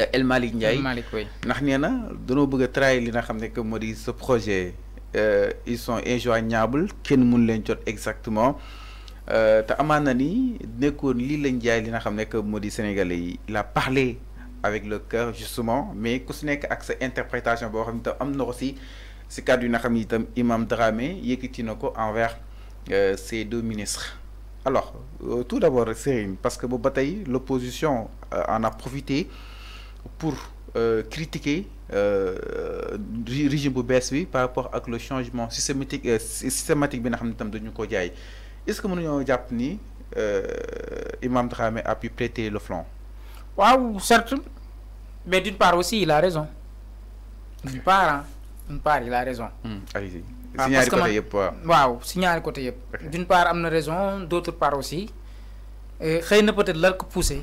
Euh, El Malik Ndiaye ndax nee na danoo bëgg a li que ce projet euh, ils sont injoignables kenn mun leen jot exactement euh, te amaan na ni nekkoon lii lañ jaay li que moo sénégalais il a parlé avec le cœur justement mais ku ce nekk ak sa interprétation boo xam aussi ce am na ko si si kàddu Imam Dramé yëkkati envers ces deux ministres alors tout d'abord une parce que l'opposition en a profité pour euh, critiquer le euh, euh, régime bu bees par rapport ak le changement systématique systématique bi nga xam est-ce que mon japp ni Imam Dramé a pu prêter le flanc. waaw certes mais d'une part aussi il a raison d'une part ah d'une part il a raison. Hmm, allez-y ah, si côté waaw d'une part il a raison d'autre part aussi Il na peut-être l'arc pousser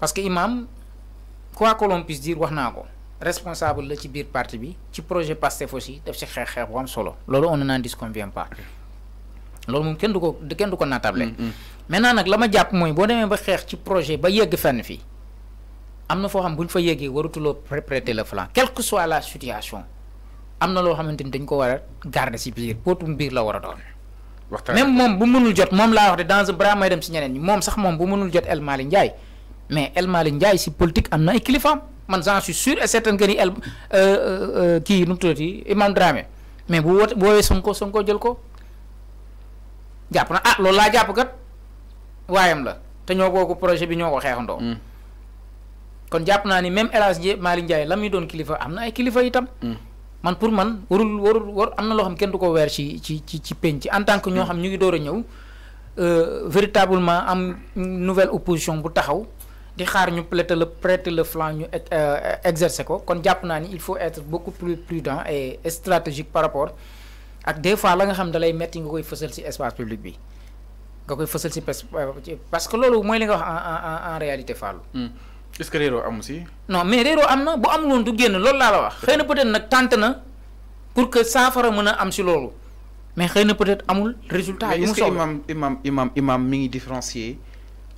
parce que imam quoi que l'on puisse dire waxnako responsable la ci biir parti bi ci projet passé aussi def ci xex xeex bu am solo lolu on n'en disconvient pas lolu mom kenn du ko kenn du ko mm, mm. maintenant nak la japp moy bo boo ba xex ci projet ba yegg fenn fi amna fo xam buñ ñu fa yeggee warutuloo préparer le flanc quel que soit la situation amna lo xamanteni dañ ko wara garder ci biir potum biir la wara doon même mom bu mënul jot mom la wax de dans un bras may dem ci ñeneen mom sax mom bu mënul jot El mali ndjay mais El mali Ndiaye si politique amna ay kilifam man j'en suis sûr et certain que ni el euh, euh, euh, kii nu mu tuddati Imam Dramé mais bu woote Sonko Sonko jël ko japp na ah loolu la japp kat wayam la te ño bokk projet bi ñoo ko xeexandoo. Mm. kon japp na ni même El Hadj Malick Ndiaye lamuy don kilifa amna ay kilifa itam. Mm. man pour man warul warul war amna lo xam kenn du ko weer ci ci ci ci penc en tant que ño mm. xam ñu ngi doora ñew euh véritablement am nouvelle opposition bu taxaw. di xaar ñu prêter le prêter le flanc ñu euh, exercer ko kon japp naa ni il faut être beaucoup plus prudent et stratégique par rapport ak des fois la nga xam lay metti nga koy fësal ci espace public bi nga koy fësal ci euh, parce que loolu mooy li nga wax en en réalité Fallou. Hmm. est-ce que réeroo am aussi. non mais réeroo am na bu amul woon du génn loolu laa la wax. xëy na peut-être nag tànt na pour que saafara mën a am ci loolu mais xëy na peut-être amul résultat. yu mu soxla imam imam imam imam mi ngi différencier.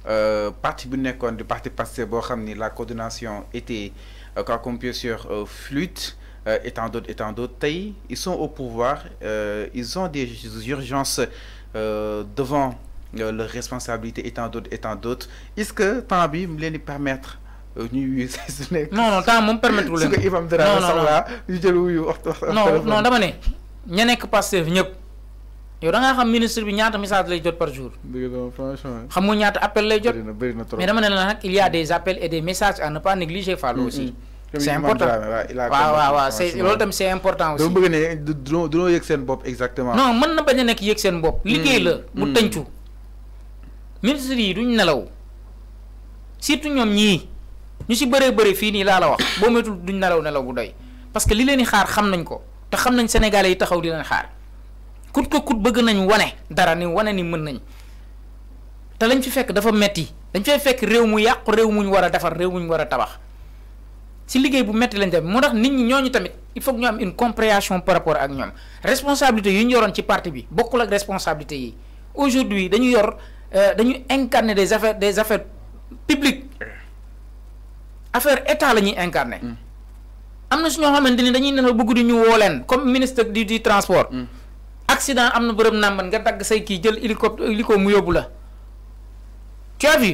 Euh, parti bu nekkoon parti la coordination était quoi sur flûte et d'autres étant d'autres ils sont au pouvoir euh, ils ont des urgences euh, devant leurs responsabilités étant d'autres étant d'autres est-ce que temps bi me permettre. ñuy non permettre non non yow da xam ministre bi ñaata message lay jot par jour. xam nga ñaata appel lay jot. mais dama ne nag il y a des appels et des messages à ne pas négliger Fallou aussi. c'est important waaw waaw waaw c'est loolu tamit c'est important aussi. dama bëgg ne du du yëg seen bopp non mën na bañ a nekk yëg seen bopp. liggéey la mu tëncu. ministre yi duñ nelaw surtout ñoom ñii ñu si bëree bëri fii nii laa la wax boo métul duñ nelaw nelaw bu doy parce que li leen xaar xam nañ ko te xam nañ sénégalais yi taxaw di leen xaar. kut ko kut nañ dara ni mën nañ lañ fi fekk dafa metti dañ fekk tabax ci il faut que ñu am une compréhension par rapport ak ñoom responsabilité yu ñu yoroon ci parti bi bokkul ak responsabilité yi aujourd'hui dañu yor euh, dañu incarner des affaires des affaires publiques affaire état la incarner mm. am na xamante ni dañuy comme ministre du transport mm. accident am na bërëm nàmban nga dagg say kii jël li ko mu yóbbu la tu as vu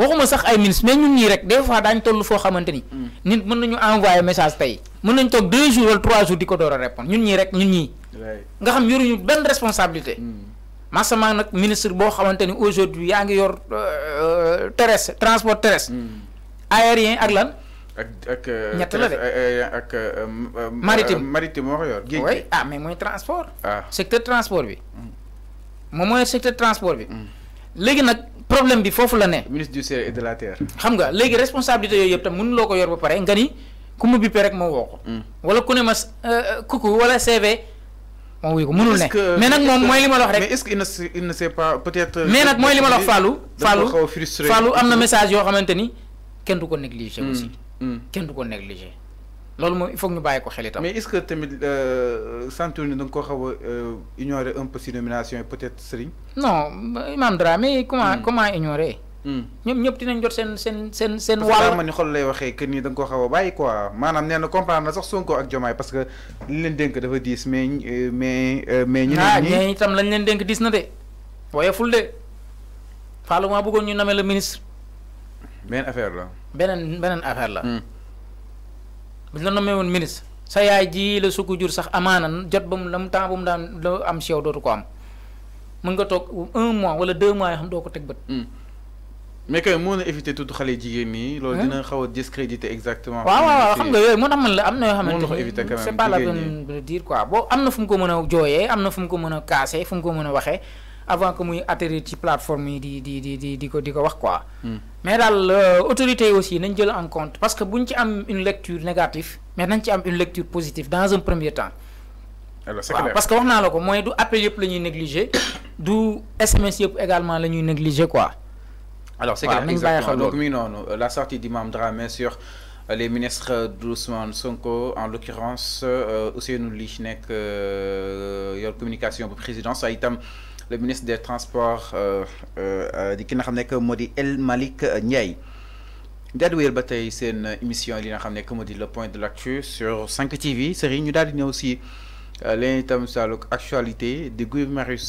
waxuma sax ay ministre mais ñun ñii rek des fois daañ toll foo xamante ni hmm. nit mën nañu envoyé message tey mën nañu toog deux jours wala trois jours di ko door a répondre ñun ñii rek ñun ñii nga xam yoruñu benn responsabilité hmm. masamaa nag ministre boo xamante ni aujourd'hui yaa ngi yor euh, euh, terrestre transport terrestre hmm. aérien ak lan ak ak ñett la de maritime maritime moo oui ah mais mooy transport secteur transport bi moom mooy secteur transport bi léegi nag problème bi foofu la ne ministre du ciel et de la terre xam nga léegi responsabilité yooyu yëpp tam mënu loo ko yor ba pare nga ni ku mu bippee rek ma woo ko wala ku ne ma kuku wala CV ma wuyu ko mënul ne mais nag moom mooy li ma la wax rek mais est-ce que il ne sait pas peut-être mais nag mooy li ma la wax Fallou Fallou Fallou am na message yoo xamante ni kenn du ko négliger aussi Hmm. kenn du ko négligé loolu moom il faut ñu bàyyi ko xel itam. mais est-ce que tamit euh, santu ni da ko xaw a euh, ignorer un peu si nomination yi peut-être Serigne. non Imam Dramé comment hmm. comment ignorer. Hmm. ñoom ñëpp dinañ jot seen seen seen seen. wàll ma ni xol lay waxee que ni da ko xaw a bàyyi quoi maanaam nee na comprendre na sax Sonko ak Diomaye parce que li leen dénk dafa diis mais euh, mais mais. ñu ne ñii itam lañ leen dénk diis na de. woyeful de Fallou maa bëggoon ñu nommer le ministre. beneen affaire la. beneen beneen affaire la. Hmm. buñ la nommé woon ministre. sa yaay ji la sukku jur sax amaana jot ba mu la mu temps ba mu daan la am si yow dootu ko am mën nga toog un mois wala deux mois yoo xam teg bët. Hmm. mais kay mën na éviter tudd xale jigéen ñi. loolu hmm? dina xaw a discréditer exactement. waaw waaw xam nga yooyu moo tax man la am na yoo xam ni c'est pas la peine boo am na fu mu ko mën a jooyee am na fu mu ko mën a kaasee fu mu ko mën a waxee. avant que muy sur la plateforme di di di di di quoi. Hmm. mais l'autorité euh, autorités aussi nañ jël en compte parce que buñ ci am une lecture négative mais nañ une lecture positive dans un premier temps. alors c'est parce que vous avez la du appel négliger du SMS également les négliger quoi. alors c'est clair exactement euh, la sortie d'Imam Dramé sur. Euh, les ministres d'Ousmane Sonko, en l'occurrence, euh, Ousseinou Lich, euh, communication pour présidence, été le ministre des Transports euh, euh, euh, di euh, nga xam nekk El Malik Ndiaye daal Bataille, c'est une émission li nga xam le point de l'actu sur 5 TV C'est ñu daal di ñëw aussi leen itam actualité Guy Marius